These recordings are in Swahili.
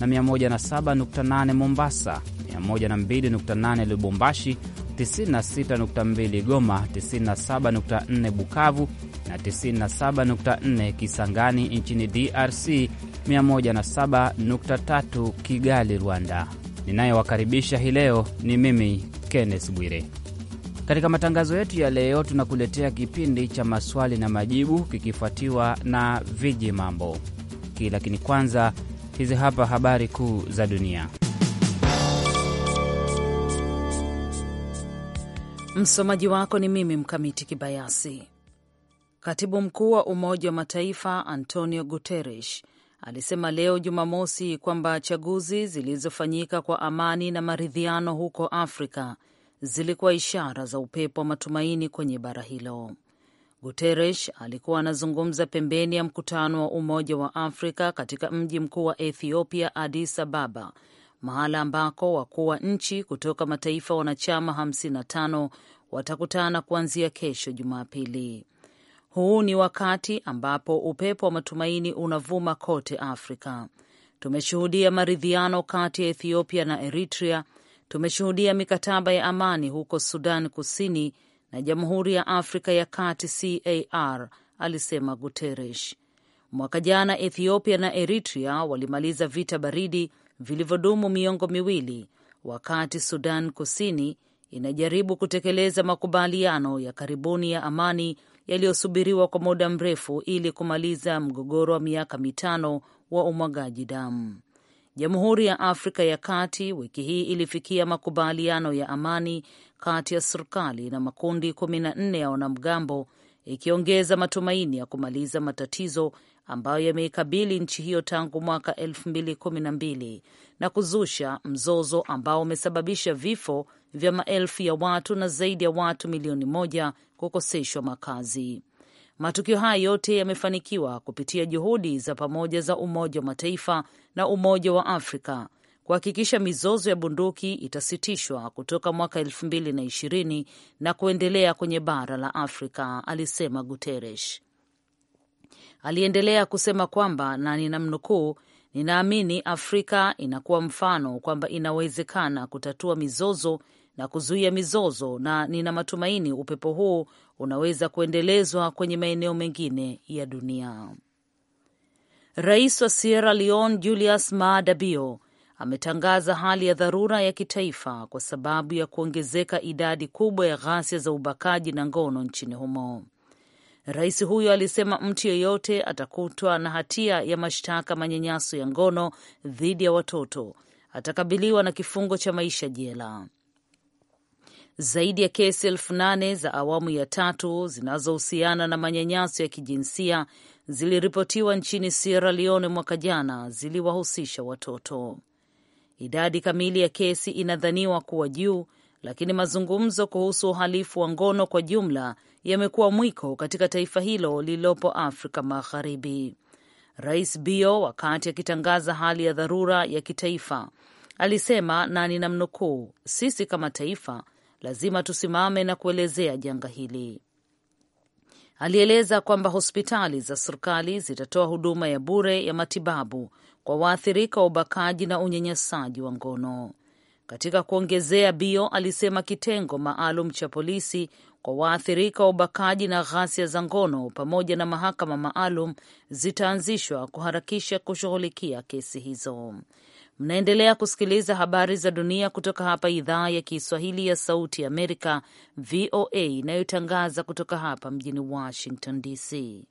na 107.8 Mombasa, 102.8 Lubumbashi, 96.2 Goma, 97.4 Bukavu na 97.4 Kisangani nchini DRC, 107.3 Kigali, Rwanda. Ninayowakaribisha hii leo ni mimi Kenneth Bwire. Katika matangazo yetu ya leo tunakuletea kipindi cha maswali na majibu kikifuatiwa na viji mambo ki, lakini kwanza Hizi hapa habari kuu za dunia. Msomaji wako ni mimi Mkamiti Kibayasi. Katibu mkuu wa Umoja wa Mataifa Antonio Guterres alisema leo Jumamosi kwamba chaguzi zilizofanyika kwa amani na maridhiano huko Afrika zilikuwa ishara za upepo wa matumaini kwenye bara hilo. Guterres alikuwa anazungumza pembeni ya mkutano wa Umoja wa Afrika katika mji mkuu wa Ethiopia, Addis Ababa, mahala ambako wakuu wa nchi kutoka mataifa wanachama 55 watakutana kuanzia kesho Jumapili. Huu ni wakati ambapo upepo wa matumaini unavuma kote Afrika. Tumeshuhudia maridhiano kati ya Ethiopia na Eritrea, tumeshuhudia mikataba ya amani huko Sudan Kusini na Jamhuri ya Afrika ya Kati CAR, alisema Guterres. Mwaka jana Ethiopia na Eritrea walimaliza vita baridi vilivyodumu miongo miwili, wakati Sudan Kusini inajaribu kutekeleza makubaliano ya karibuni ya amani yaliyosubiriwa kwa muda mrefu ili kumaliza mgogoro wa miaka mitano wa umwagaji damu. Jamhuri ya Afrika ya Kati wiki hii ilifikia makubaliano ya amani kati ya serikali na makundi kumi na nne ya wanamgambo ikiongeza matumaini ya kumaliza matatizo ambayo yameikabili nchi hiyo tangu mwaka elfu mbili kumi na mbili na kuzusha mzozo ambao umesababisha vifo vya maelfu ya watu na zaidi ya watu milioni moja kukoseshwa makazi. Matukio haya yote yamefanikiwa kupitia juhudi za pamoja za Umoja wa Mataifa na Umoja wa Afrika kuhakikisha mizozo ya bunduki itasitishwa kutoka mwaka elfu mbili na ishirini na kuendelea kwenye bara la Afrika, alisema Guterres. Aliendelea kusema kwamba na ninamnukuu, ninaamini Afrika inakuwa mfano kwamba inawezekana kutatua mizozo na kuzuia mizozo, na nina matumaini upepo huu unaweza kuendelezwa kwenye maeneo mengine ya dunia. Rais wa Sierra Leone Julius Maada Bio ametangaza hali ya dharura ya kitaifa kwa sababu ya kuongezeka idadi kubwa ya ghasia za ubakaji na ngono nchini humo. Rais huyo alisema mtu yeyote atakutwa na hatia ya mashtaka manyanyaso ya ngono dhidi ya watoto atakabiliwa na kifungo cha maisha jela zaidi ya kesi elfu nane za awamu ya tatu zinazohusiana na manyanyaso ya kijinsia ziliripotiwa nchini Sierra Leone mwaka jana ziliwahusisha watoto. Idadi kamili ya kesi inadhaniwa kuwa juu, lakini mazungumzo kuhusu uhalifu wa ngono kwa jumla yamekuwa mwiko katika taifa hilo lililopo Afrika Magharibi. Rais Bio, wakati akitangaza hali ya dharura ya kitaifa, alisema na ninamnukuu, sisi kama taifa lazima tusimame na kuelezea janga hili. Alieleza kwamba hospitali za serikali zitatoa huduma ya bure ya matibabu kwa waathirika wa ubakaji na unyanyasaji wa ngono. Katika kuongezea, Bio alisema kitengo maalum cha polisi kwa waathirika wa ubakaji na ghasia za ngono pamoja na mahakama maalum zitaanzishwa kuharakisha kushughulikia kesi hizo. Mnaendelea kusikiliza habari za dunia kutoka hapa idhaa ya Kiswahili ya Sauti ya Amerika, VOA, inayotangaza kutoka hapa mjini Washington DC.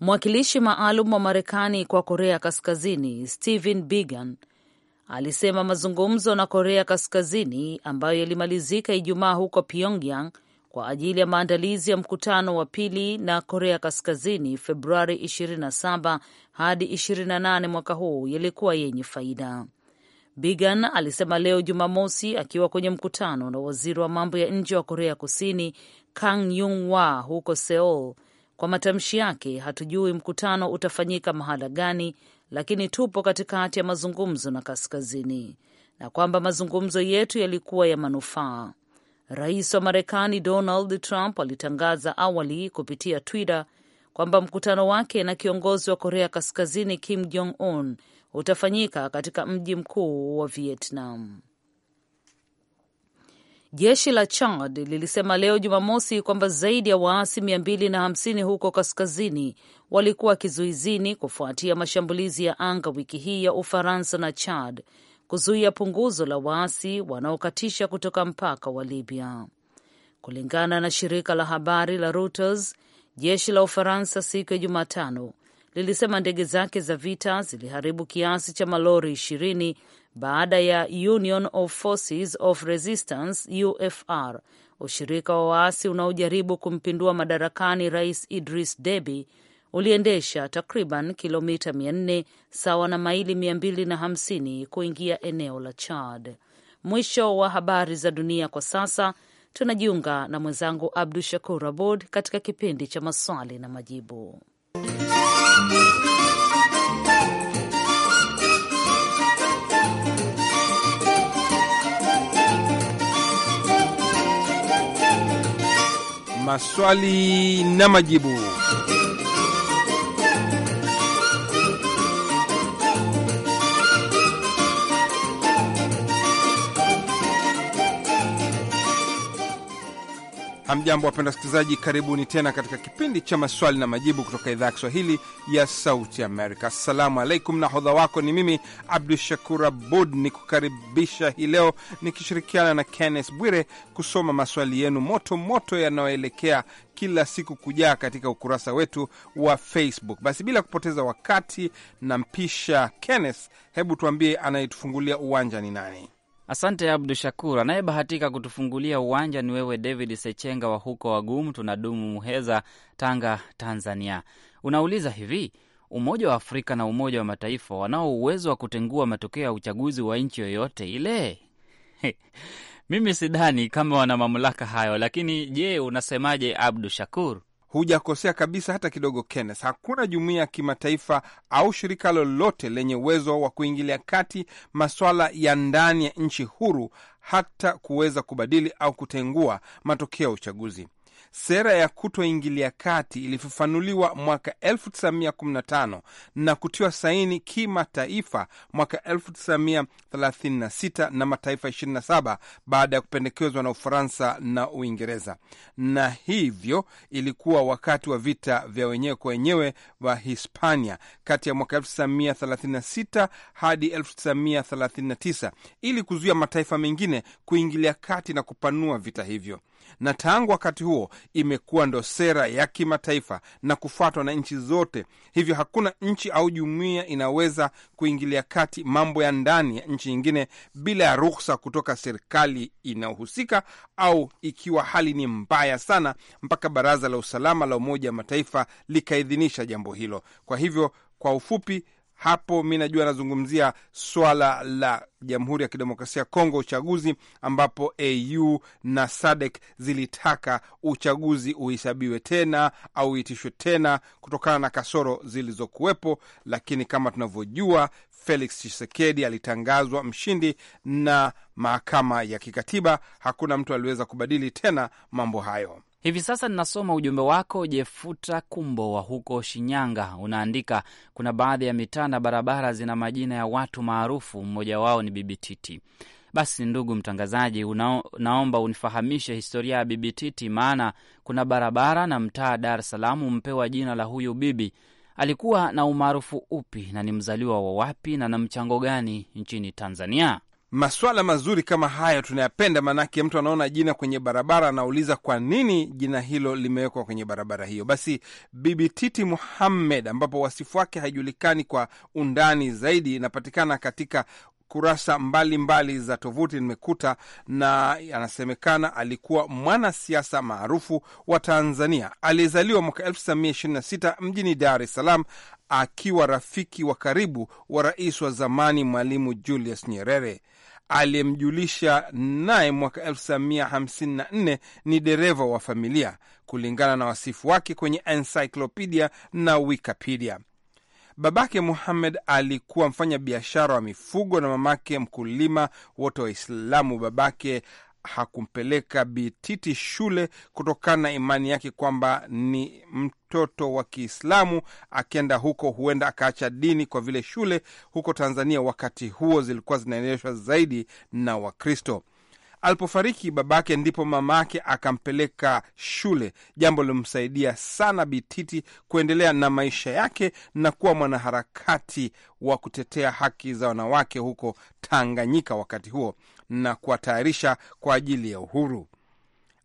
Mwakilishi maalum wa Marekani kwa Korea Kaskazini Stephen Biegun alisema mazungumzo na Korea Kaskazini ambayo yalimalizika Ijumaa huko Pyongyang kwa ajili ya maandalizi ya mkutano wa pili na Korea Kaskazini Februari 27 hadi 28 mwaka huu yalikuwa yenye faida. Bigan alisema leo Jumamosi akiwa kwenye mkutano na waziri wa mambo ya nje wa Korea Kusini Kang Yung Wa huko Seoul. Kwa matamshi yake, hatujui mkutano utafanyika mahala gani, lakini tupo katikati ya mazungumzo na Kaskazini, na kwamba mazungumzo yetu yalikuwa ya manufaa. Rais wa Marekani Donald Trump alitangaza awali kupitia Twitter kwamba mkutano wake na kiongozi wa Korea Kaskazini Kim Jong Un utafanyika katika mji mkuu wa Vietnam. Jeshi la Chad lilisema leo Jumamosi kwamba zaidi ya waasi 250 huko kaskazini walikuwa kizuizini kufuatia mashambulizi ya anga wiki hii ya Ufaransa na Chad kuzuia punguzo la waasi wanaokatisha kutoka mpaka wa Libya. Kulingana na shirika la habari la Reuters, jeshi la Ufaransa siku ya Jumatano lilisema ndege zake za vita ziliharibu kiasi cha malori ishirini baada ya Union of Forces of Resistance UFR, ushirika wa waasi unaojaribu kumpindua madarakani Rais Idris Deby uliendesha takriban kilomita 400 sawa na maili 250 kuingia eneo la Chad. Mwisho wa habari za dunia kwa sasa. Tunajiunga na mwenzangu Abdu Shakur abud katika kipindi cha maswali na majibu. Maswali na majibu. Hamjambo, wapenda wasikilizaji, karibuni tena katika kipindi cha maswali na majibu kutoka idhaa ya Kiswahili ya Sauti Amerika. Assalamu alaikum, na hodha wako ni mimi Abdu Shakur Abud ni kukaribisha hii leo nikishirikiana na Kenneth Bwire kusoma maswali yenu moto moto yanayoelekea kila siku kujaa katika ukurasa wetu wa Facebook. Basi bila kupoteza wakati, na mpisha Kenneth, hebu tuambie anayetufungulia uwanja ni nani? Asante Abdu Shakur. Anayebahatika kutufungulia uwanja ni wewe David Sechenga wa huko Wagum, tunadumu Muheza, Tanga, Tanzania. Unauliza hivi, Umoja wa Afrika na Umoja wa Mataifa wanao uwezo wa kutengua matokeo ya uchaguzi wa nchi yoyote ile? Mimi sidhani kama wana mamlaka hayo, lakini je, unasemaje Abdu Shakur? Hujakosea kabisa hata kidogo, Kenneth. Hakuna jumuiya ya kimataifa au shirika lolote lenye uwezo wa kuingilia kati maswala ya ndani ya nchi huru, hata kuweza kubadili au kutengua matokeo ya uchaguzi sera ya kutoingilia kati ilifafanuliwa mwaka 1915 na kutiwa saini kimataifa mwaka 1936 na mataifa 27 baada ya kupendekezwa na Ufaransa na Uingereza, na hivyo ilikuwa wakati wa vita vya wenyewe kwa wenyewe wa Hispania kati ya mwaka 1936 hadi 1939 ili kuzuia mataifa mengine kuingilia kati na kupanua vita hivyo na tangu wakati huo imekuwa ndo sera ya kimataifa na kufuatwa na nchi zote. Hivyo hakuna nchi au jumuiya inaweza kuingilia kati mambo ya ndani ya nchi nyingine bila ya ruhusa kutoka serikali inayohusika, au ikiwa hali ni mbaya sana, mpaka Baraza la Usalama la Umoja wa Mataifa likaidhinisha jambo hilo. Kwa hivyo, kwa ufupi hapo mi najua anazungumzia swala la Jamhuri ya Kidemokrasia ya Kongo, uchaguzi ambapo AU na SADC zilitaka uchaguzi uhesabiwe tena au uitishwe tena kutokana na kasoro zilizokuwepo, lakini kama tunavyojua Felix Tshisekedi alitangazwa mshindi na mahakama ya kikatiba. Hakuna mtu aliweza kubadili tena mambo hayo. Hivi sasa ninasoma ujumbe wako Jefuta Kumbo wa huko Shinyanga. Unaandika, kuna baadhi ya mitaa na barabara zina majina ya watu maarufu, mmoja wao ni Bibi Titi. Basi ndugu mtangazaji, naomba unifahamishe historia ya Bibi Titi, maana kuna barabara na mtaa Dar es Salaam mpewa jina la huyu bibi. Alikuwa na umaarufu upi na ni mzaliwa wa wapi na na mchango gani nchini Tanzania? Maswala mazuri kama hayo tunayapenda, maanake mtu anaona jina kwenye barabara anauliza kwa nini jina hilo limewekwa kwenye barabara hiyo. Basi Bibi Titi Muhammed, ambapo wasifu wake haijulikani kwa undani zaidi, inapatikana katika kurasa mbalimbali mbali za tovuti nimekuta, na anasemekana alikuwa mwanasiasa maarufu wa Tanzania aliyezaliwa mwaka 1926 mjini Dar es Salaam, akiwa rafiki wa karibu wa rais wa zamani Mwalimu Julius Nyerere aliyemjulisha naye mwaka 1954 ni dereva wa familia, kulingana na wasifu wake kwenye encyclopedia na Wikipedia. Babake Muhammad alikuwa mfanya biashara wa mifugo na mamake mkulima, wote Waislamu. Babake hakumpeleka Bititi shule kutokana na imani yake kwamba ni mtoto wa Kiislamu, akienda huko huenda akaacha dini, kwa vile shule huko Tanzania wakati huo zilikuwa zinaendeshwa zaidi na Wakristo. Alipofariki babake ndipo mamake akampeleka shule, jambo lilimsaidia sana Bititi kuendelea na maisha yake na kuwa mwanaharakati wa kutetea haki za wanawake huko Tanganyika wakati huo na kuwatayarisha kwa ajili ya uhuru.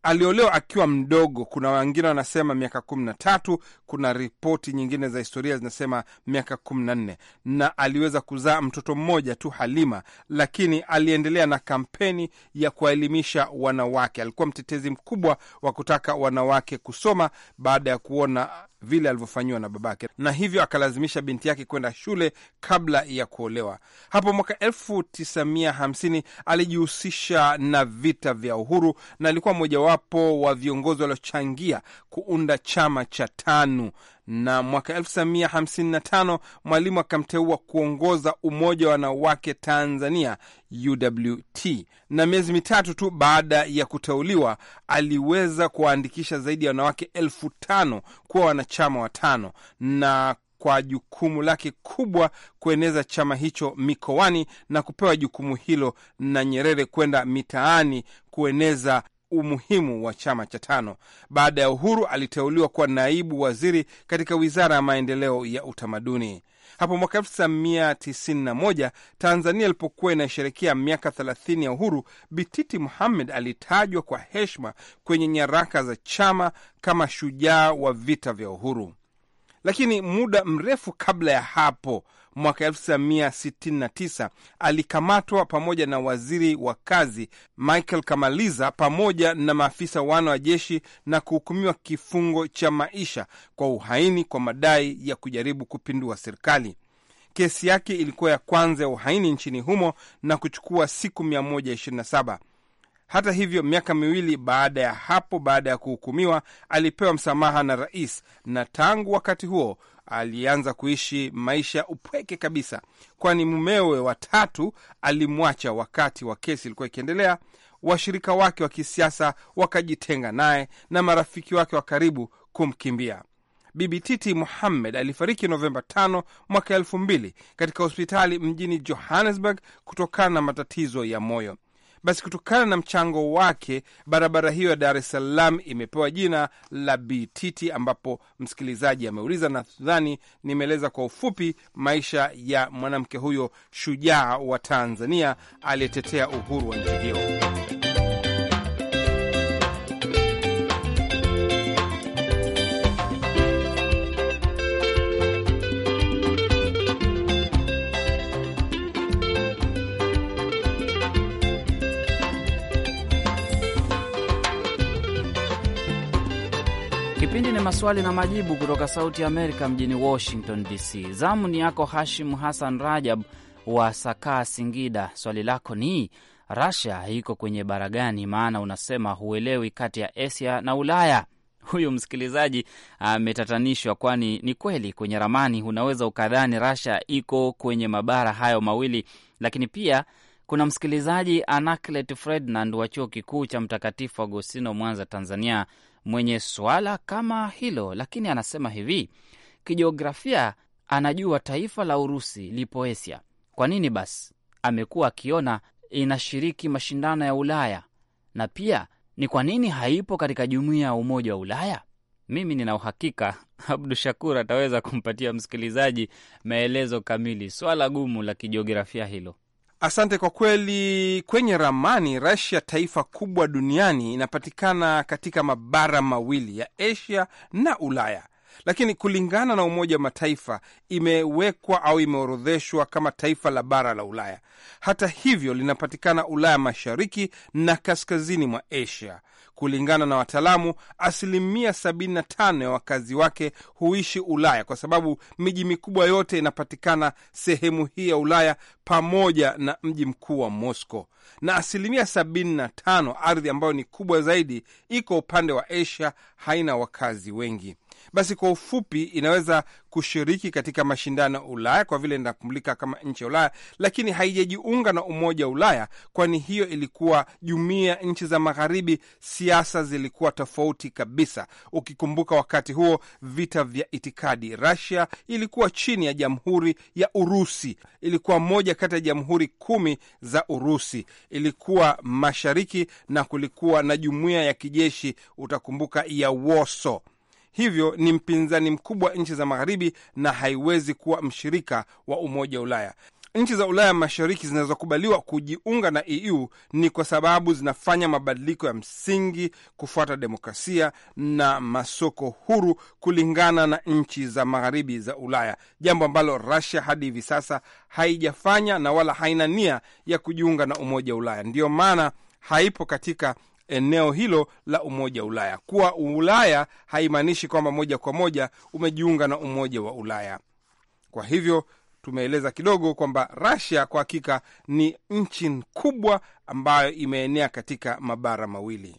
Aliolewa akiwa mdogo. Kuna wengine wanasema miaka kumi na tatu. Kuna ripoti nyingine za historia zinasema miaka kumi na nne, na aliweza kuzaa mtoto mmoja tu Halima, lakini aliendelea na kampeni ya kuwaelimisha wanawake. Alikuwa mtetezi mkubwa wa kutaka wanawake kusoma baada ya kuona vile alivyofanyiwa na babake, na hivyo akalazimisha binti yake kwenda shule kabla ya kuolewa. Hapo mwaka 1950 alijihusisha na vita vya uhuru na alikuwa mmojawapo wa viongozi waliochangia kuunda chama cha TANU na mwaka 1955 Mwalimu akamteua kuongoza umoja wa wanawake Tanzania UWT, na miezi mitatu tu baada ya kuteuliwa aliweza kuwaandikisha zaidi ya wanawake elfu tano kuwa wanachama watano na kwa jukumu lake kubwa kueneza chama hicho mikoani na kupewa jukumu hilo na Nyerere kwenda mitaani kueneza umuhimu wa chama cha tano. Baada ya uhuru, aliteuliwa kuwa naibu waziri katika wizara ya maendeleo ya utamaduni. Hapo mwaka 1991 Tanzania ilipokuwa inasherekea miaka 30 ya uhuru, Bititi muhammed alitajwa kwa heshima kwenye nyaraka za chama kama shujaa wa vita vya uhuru. Lakini muda mrefu kabla ya hapo mwaka 1969 alikamatwa pamoja na waziri wa kazi Michael Kamaliza pamoja na maafisa wana wa jeshi na kuhukumiwa kifungo cha maisha kwa uhaini kwa madai ya kujaribu kupindua serikali. Kesi yake ilikuwa ya kwanza ya uhaini nchini humo na kuchukua siku 127. Hata hivyo, miaka miwili baada ya hapo, baada ya kuhukumiwa, alipewa msamaha na rais, na tangu wakati huo alianza kuishi maisha ya upweke kabisa, kwani mumewe watatu alimwacha wakati wa kesi ilikuwa ikiendelea. Washirika wake wa kisiasa wakajitenga naye na marafiki wake wa karibu kumkimbia. Bibi Titi Muhammed alifariki Novemba 5 mwaka elfu mbili katika hospitali mjini Johannesburg kutokana na matatizo ya moyo. Basi kutokana na mchango wake, barabara hiyo ya Dar es Salaam imepewa jina la BTT, ambapo msikilizaji ameuliza. Nadhani nimeeleza kwa ufupi maisha ya mwanamke huyo shujaa wa Tanzania aliyetetea uhuru wa nchi hiyo. maswali na majibu kutoka Sauti ya Amerika mjini Washington DC. Zamu ni yako Hashim Hassan Rajab wa Sakaa, Singida. Swali lako ni Rasia iko kwenye bara gani? Maana unasema huelewi kati ya Asia na Ulaya. Huyu msikilizaji ametatanishwa, kwani ni kweli kwenye ramani unaweza ukadhani Rasia iko kwenye mabara hayo mawili, lakini pia kuna msikilizaji Anaclet Frednand wa chuo kikuu cha Mtakatifu Agostino Mwanza, Tanzania mwenye swala kama hilo, lakini anasema hivi, kijiografia anajua taifa la Urusi lipo Asia. Kwa nini basi amekuwa akiona inashiriki mashindano ya Ulaya na pia ni kwa nini haipo katika jumuiya ya Umoja wa Ulaya? Mimi nina uhakika Abdu Shakur ataweza kumpatia msikilizaji maelezo kamili, swala gumu la kijiografia hilo. Asante kwa kweli. Kwenye ramani, Rasia taifa kubwa duniani, inapatikana katika mabara mawili ya Asia na Ulaya lakini kulingana na Umoja wa Mataifa imewekwa au imeorodheshwa kama taifa la bara la Ulaya. Hata hivyo, linapatikana Ulaya mashariki na kaskazini mwa Asia. Kulingana na wataalamu, asilimia 75 ya wakazi wake huishi Ulaya kwa sababu miji mikubwa yote inapatikana sehemu hii ya Ulaya pamoja na mji mkuu wa Moscow, na asilimia 75 ardhi ambayo ni kubwa zaidi iko upande wa Asia, haina wakazi wengi. Basi kwa ufupi, inaweza kushiriki katika mashindano ya Ulaya kwa vile inatambulika kama nchi ya Ulaya, lakini haijajiunga na Umoja wa Ulaya, kwani hiyo ilikuwa jumuiya nchi za Magharibi. Siasa zilikuwa tofauti kabisa. Ukikumbuka wakati huo vita vya itikadi, rasia ilikuwa chini ya jamhuri ya Urusi, ilikuwa moja kati ya jamhuri kumi za Urusi, ilikuwa mashariki na kulikuwa na jumuiya ya kijeshi, utakumbuka ya Warsaw hivyo ni mpinzani mkubwa nchi za Magharibi na haiwezi kuwa mshirika wa Umoja wa Ulaya. Nchi za Ulaya Mashariki zinazokubaliwa kujiunga na EU ni kwa sababu zinafanya mabadiliko ya msingi kufuata demokrasia na masoko huru kulingana na nchi za magharibi za Ulaya, jambo ambalo Russia hadi hivi sasa haijafanya na wala haina nia ya kujiunga na Umoja wa Ulaya. Ndiyo maana haipo katika eneo hilo la Umoja wa Ulaya. Kuwa Ulaya haimaanishi kwamba moja kwa moja umejiunga na Umoja wa Ulaya. Kwa hivyo tumeeleza kidogo kwamba Russia kwa hakika ni nchi kubwa ambayo imeenea katika mabara mawili.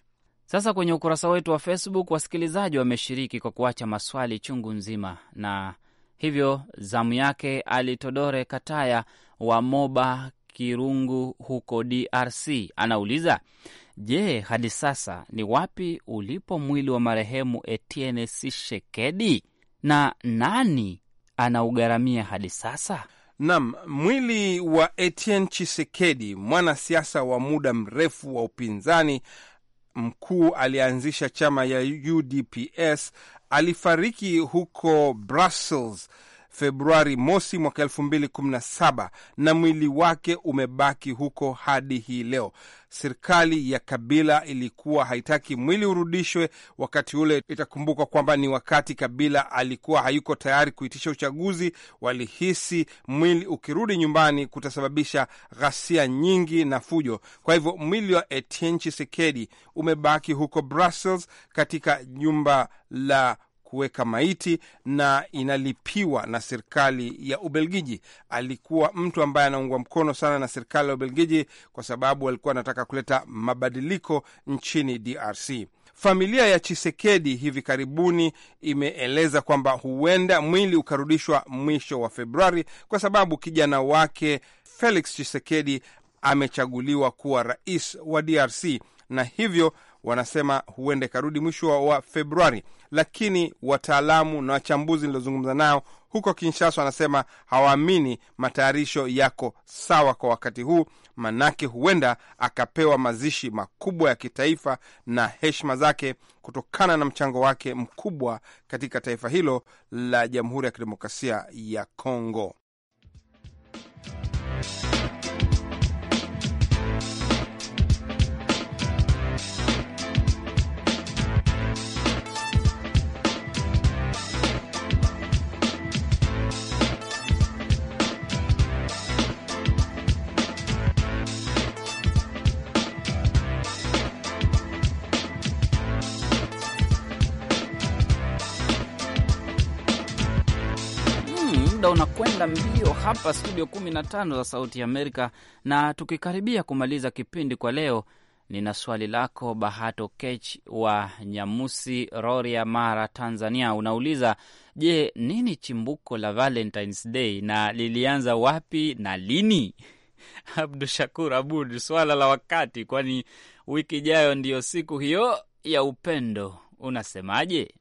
Sasa kwenye ukurasa wetu wa Facebook wasikilizaji wameshiriki kwa kuacha maswali chungu nzima, na hivyo zamu yake Ali Todore Kataya wa Moba Kirungu huko DRC anauliza Je, hadi sasa ni wapi ulipo mwili wa marehemu Etienne sishekedi na nani anaugharamia hadi sasa? Nam, mwili wa Etienne chisekedi mwanasiasa wa muda mrefu wa upinzani mkuu, alianzisha chama ya UDPS, alifariki huko Brussels Februari mosi mwaka elfu mbili kumi na saba na mwili wake umebaki huko hadi hii leo. Serikali ya Kabila ilikuwa haitaki mwili urudishwe wakati ule. Itakumbukwa kwamba ni wakati Kabila alikuwa hayuko tayari kuitisha uchaguzi. Walihisi mwili ukirudi nyumbani kutasababisha ghasia nyingi na fujo. Kwa hivyo mwili wa Etienne Tshisekedi umebaki huko Brussels katika jumba la kuweka maiti na inalipiwa na serikali ya Ubelgiji. Alikuwa mtu ambaye anaungwa mkono sana na serikali ya Ubelgiji kwa sababu alikuwa anataka kuleta mabadiliko nchini DRC. Familia ya Chisekedi hivi karibuni imeeleza kwamba huenda mwili ukarudishwa mwisho wa Februari kwa sababu kijana wake Felix Chisekedi amechaguliwa kuwa rais wa DRC na hivyo wanasema huenda ikarudi mwisho wa Februari, lakini wataalamu na wachambuzi niliozungumza nao huko Kinshasa wanasema hawaamini matayarisho yako sawa kwa wakati huu, manake huenda akapewa mazishi makubwa ya kitaifa na heshima zake kutokana na mchango wake mkubwa katika taifa hilo la Jamhuri ya Kidemokrasia ya Kongo. kwenda mbio hapa studio 15 za Sauti Amerika, na tukikaribia kumaliza kipindi kwa leo, nina swali lako Bahato Kech wa Nyamusi, roria Mara, Tanzania. Unauliza, je, nini chimbuko la Valentines Day na lilianza wapi na lini? Abdu Shakur Abud, swala la wakati, kwani wiki ijayo ndiyo siku hiyo ya upendo. Unasemaje?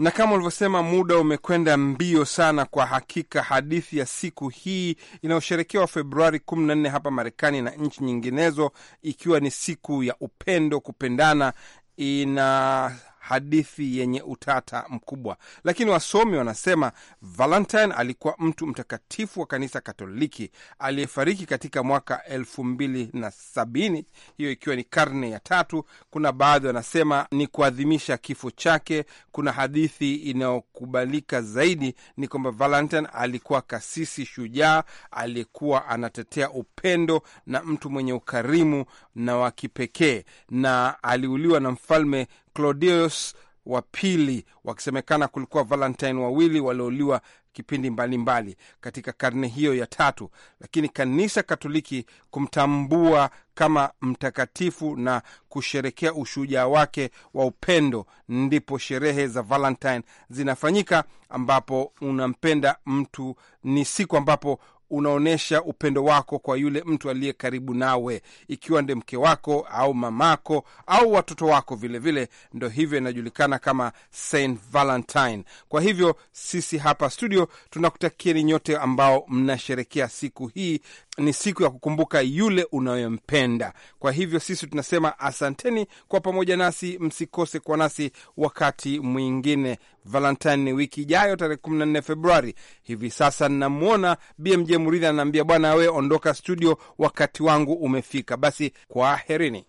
na kama ulivyosema, muda umekwenda mbio sana. Kwa hakika, hadithi ya siku hii inayosherekewa Februari 14 hapa Marekani na nchi nyinginezo, ikiwa ni siku ya upendo, kupendana, ina hadithi yenye utata mkubwa, lakini wasomi wanasema Valentine alikuwa mtu mtakatifu wa kanisa Katoliki aliyefariki katika mwaka elfu mbili na sabini, hiyo ikiwa ni karne ya tatu. Kuna baadhi wanasema ni kuadhimisha kifo chake. Kuna hadithi inayokubalika zaidi ni kwamba Valentine alikuwa kasisi shujaa aliyekuwa anatetea upendo na mtu mwenye ukarimu na wa kipekee, na aliuliwa na mfalme Claudius wa pili, wakisemekana kulikuwa Valentine wawili waliouliwa kipindi mbalimbali mbali katika karne hiyo ya tatu, lakini kanisa Katoliki kumtambua kama mtakatifu na kusherekea ushujaa wake wa upendo, ndipo sherehe za Valentine zinafanyika, ambapo unampenda mtu ni siku ambapo unaonyesha upendo wako kwa yule mtu aliye karibu nawe, ikiwa ndi mke wako au mamako au watoto wako vilevile. Ndo hivyo inajulikana kama St Valentine. Kwa hivyo sisi hapa studio tunakutakieni nyote ambao mnasherekea siku hii ni siku ya kukumbuka yule unayompenda Kwa hivyo sisi tunasema asanteni kwa pamoja nasi, msikose kwa nasi wakati mwingine. Valentine ni wiki ijayo, tarehe 14 Februari. Hivi sasa namwona BMJ Muridhi ananiambia, bwana we ondoka studio, wakati wangu umefika. Basi kwaherini.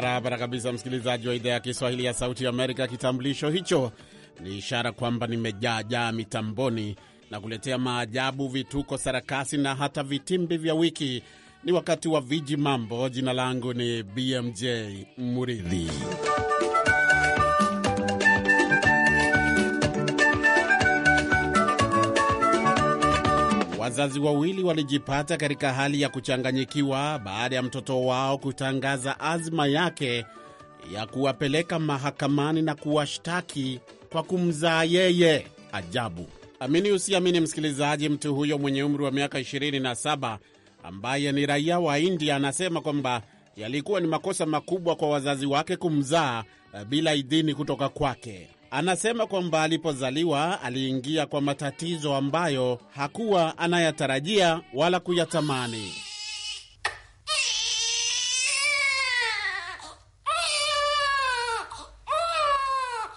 barabara kabisa, msikilizaji wa idhaa ya Kiswahili ya Sauti ya Amerika. Kitambulisho hicho ni ishara kwamba nimejaajaa mitamboni na kuletea maajabu, vituko, sarakasi na hata vitimbi vya wiki. Ni wakati wa viji mambo. Jina langu ni BMJ Muridhi. Wazazi wawili walijipata katika hali ya kuchanganyikiwa baada ya mtoto wao kutangaza azma yake ya kuwapeleka mahakamani na kuwashtaki kwa kumzaa yeye. Ajabu! Amini usiamini, msikilizaji, mtu huyo mwenye umri wa miaka 27 ambaye ni raia wa India anasema kwamba yalikuwa ni makosa makubwa kwa wazazi wake kumzaa eh, bila idhini kutoka kwake. Anasema kwamba alipozaliwa aliingia kwa matatizo ambayo hakuwa anayatarajia wala kuyatamani.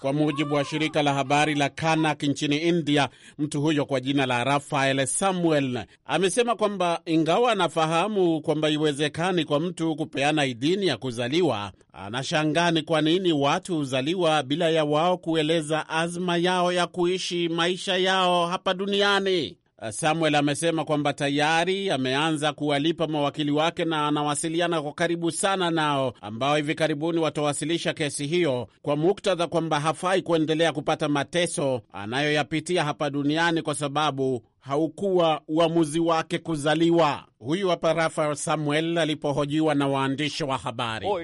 Kwa mujibu wa shirika la habari la Kanak nchini India, mtu huyo kwa jina la Rafael Samuel amesema kwamba ingawa anafahamu kwamba iwezekani kwa mtu kupeana idhini ya kuzaliwa, anashangaa ni kwa nini watu huzaliwa bila ya wao kueleza azma yao ya kuishi maisha yao hapa duniani. Eh, Samuel amesema kwamba tayari ameanza kuwalipa mawakili wake na anawasiliana kwa karibu sana nao, ambao hivi karibuni watawasilisha kesi hiyo kwa muktadha kwamba hafai kuendelea kupata mateso anayoyapitia hapa duniani kwa sababu haukuwa uamuzi wake kuzaliwa. Huyu hapa Rafael Samuel alipohojiwa na waandishi wa habari. Oh,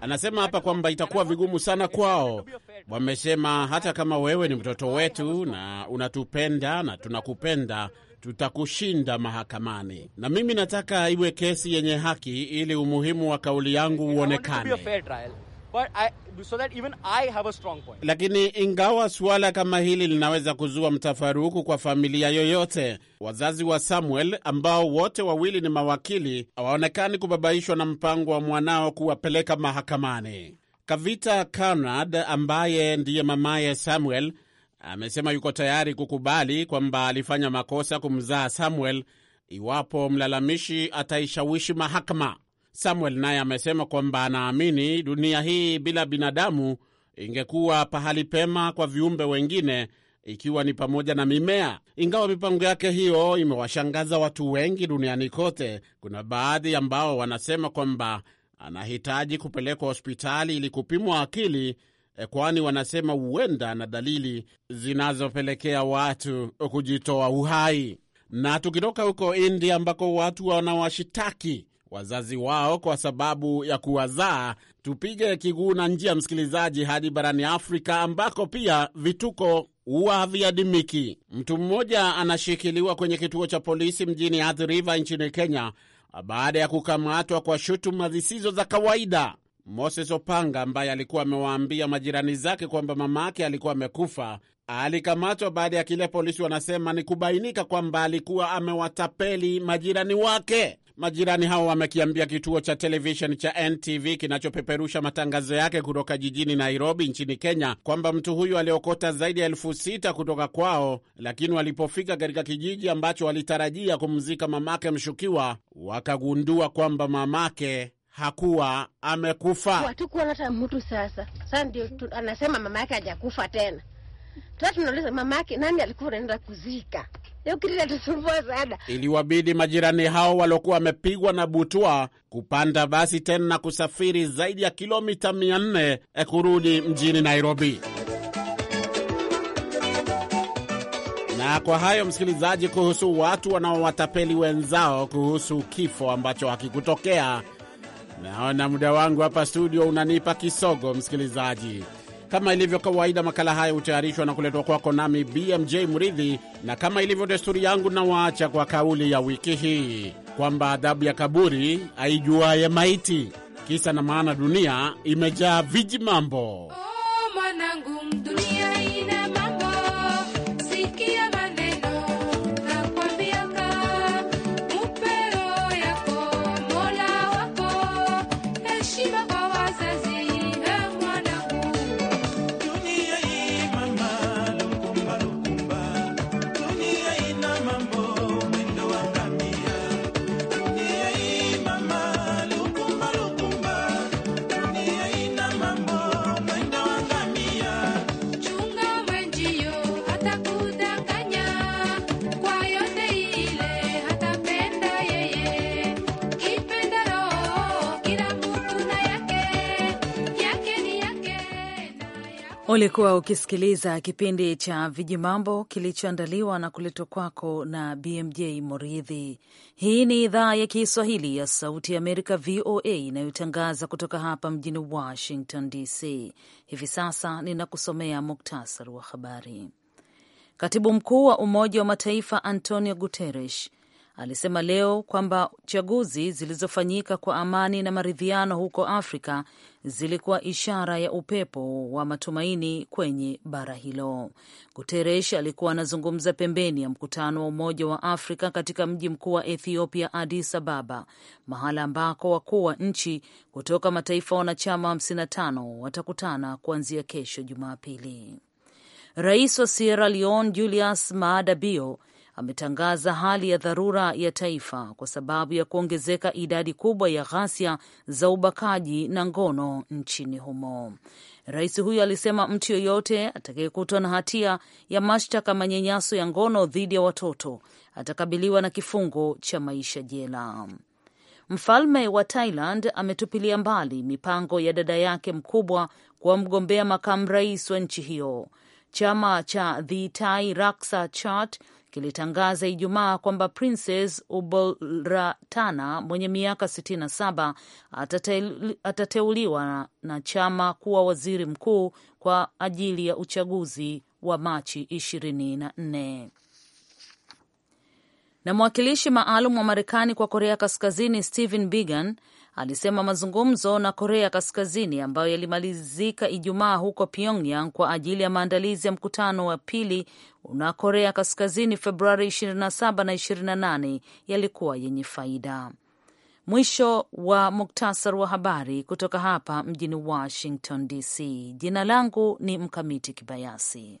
Anasema hapa kwamba itakuwa vigumu sana kwao. Wamesema hata kama wewe ni mtoto wetu na unatupenda na tunakupenda tutakushinda mahakamani, na mimi nataka iwe kesi yenye haki ili umuhimu wa kauli yangu uonekane but I, so that even I have a strong point. Lakini ingawa suala kama hili linaweza kuzua mtafaruku kwa familia yoyote, wazazi wa Samuel ambao wote wawili ni mawakili hawaonekani kubabaishwa na mpango wa mwanao kuwapeleka mahakamani. Kavita Conrad ambaye ndiye mamaye Samuel amesema yuko tayari kukubali kwamba alifanya makosa kumzaa Samuel iwapo mlalamishi ataishawishi mahakama. Samuel naye amesema kwamba anaamini dunia hii bila binadamu ingekuwa pahali pema kwa viumbe wengine ikiwa ni pamoja na mimea. Ingawa mipango yake hiyo imewashangaza watu wengi duniani kote, kuna baadhi ambao wanasema kwamba anahitaji kupelekwa hospitali ili kupimwa akili, eh, kwani wanasema huenda na dalili zinazopelekea watu kujitoa uhai. Na tukitoka huko India ambako watu wanawashitaki wazazi wao kwa sababu ya kuwazaa. Tupige kiguu na njia, msikilizaji, hadi barani Afrika ambako pia vituko huwa haviadimiki. Mtu mmoja anashikiliwa kwenye kituo cha polisi mjini Athi River nchini Kenya baada ya kukamatwa kwa shutuma zisizo za kawaida. Moses Opanga ambaye alikuwa amewaambia majirani zake kwamba mamake alikuwa amekufa alikamatwa baada ya kile polisi wanasema ni kubainika kwamba alikuwa amewatapeli majirani wake. Majirani hao wamekiambia kituo cha televisheni cha NTV kinachopeperusha matangazo yake kutoka jijini Nairobi nchini Kenya kwamba mtu huyu aliokota zaidi ya elfu sita kutoka kwao, lakini walipofika katika kijiji ambacho walitarajia kumzika mamake mshukiwa wakagundua kwamba mamake hakuwa amekufa. Hatukuona hata mtu. Sasa sasa ndio anasema mama yake hajakufa tena. Sasa tunauliza mama yake nani alikuwa anaenda kuzika. Hiyo kitu inatusumbua sana. Iliwabidi majirani hao waliokuwa wamepigwa na butwa kupanda basi tena na kusafiri zaidi ya kilomita mia nne eh, kurudi mjini Nairobi. Na kwa hayo msikilizaji, kuhusu watu wanaowatapeli wenzao kuhusu kifo ambacho hakikutokea. Naona muda wangu hapa studio unanipa kisogo, msikilizaji. Kama ilivyo kawaida, makala haya hutayarishwa na kuletwa kwako nami BMJ Mridhi, na kama ilivyo desturi yangu, nawaacha kwa kauli ya wiki hii kwamba adhabu ya kaburi aijuaye maiti. Kisa na maana, dunia imejaa viji mambo. Ulikuwa ukisikiliza kipindi cha Vijimambo kilichoandaliwa na kuletwa kwako na BMJ Moridhi. Hii ni idhaa ya Kiswahili ya Sauti ya Amerika, VOA, inayotangaza kutoka hapa mjini Washington DC. Hivi sasa ninakusomea muktasari wa habari. Katibu mkuu wa Umoja wa Mataifa Antonio Guterres alisema leo kwamba chaguzi zilizofanyika kwa amani na maridhiano huko Afrika zilikuwa ishara ya upepo wa matumaini kwenye bara hilo. Guterres alikuwa anazungumza pembeni ya mkutano wa Umoja wa Afrika katika mji mkuu wa Ethiopia, Addis Ababa, mahala ambako wakuu wa nchi kutoka mataifa wanachama 55 watakutana kuanzia kesho Jumapili. Rais wa Sierra Leone Julius Maada Bio ametangaza hali ya dharura ya taifa kwa sababu ya kuongezeka idadi kubwa ya ghasia za ubakaji na ngono nchini humo. Rais huyo alisema mtu yoyote atakayekutwa na hatia ya mashtaka manyanyaso ya ngono dhidi ya watoto atakabiliwa na kifungo cha maisha jela. Mfalme wa Thailand ametupilia mbali mipango ya dada yake mkubwa kuwa mgombea makamu rais wa nchi hiyo. Chama cha The Thai Raksa Chart kilitangaza Ijumaa kwamba Princess Ubolratana mwenye miaka 67 atateuliwa na chama kuwa waziri mkuu kwa ajili ya uchaguzi wa Machi 24. Na mwakilishi maalum wa Marekani kwa Korea Kaskazini Stephen Biegun alisema mazungumzo na Korea Kaskazini ambayo yalimalizika Ijumaa huko Pyongyang kwa ajili ya maandalizi ya mkutano wa pili na Korea Kaskazini Februari 27 na 28 yalikuwa yenye faida. Mwisho wa muktasar wa habari kutoka hapa mjini Washington DC. Jina langu ni Mkamiti Kibayasi.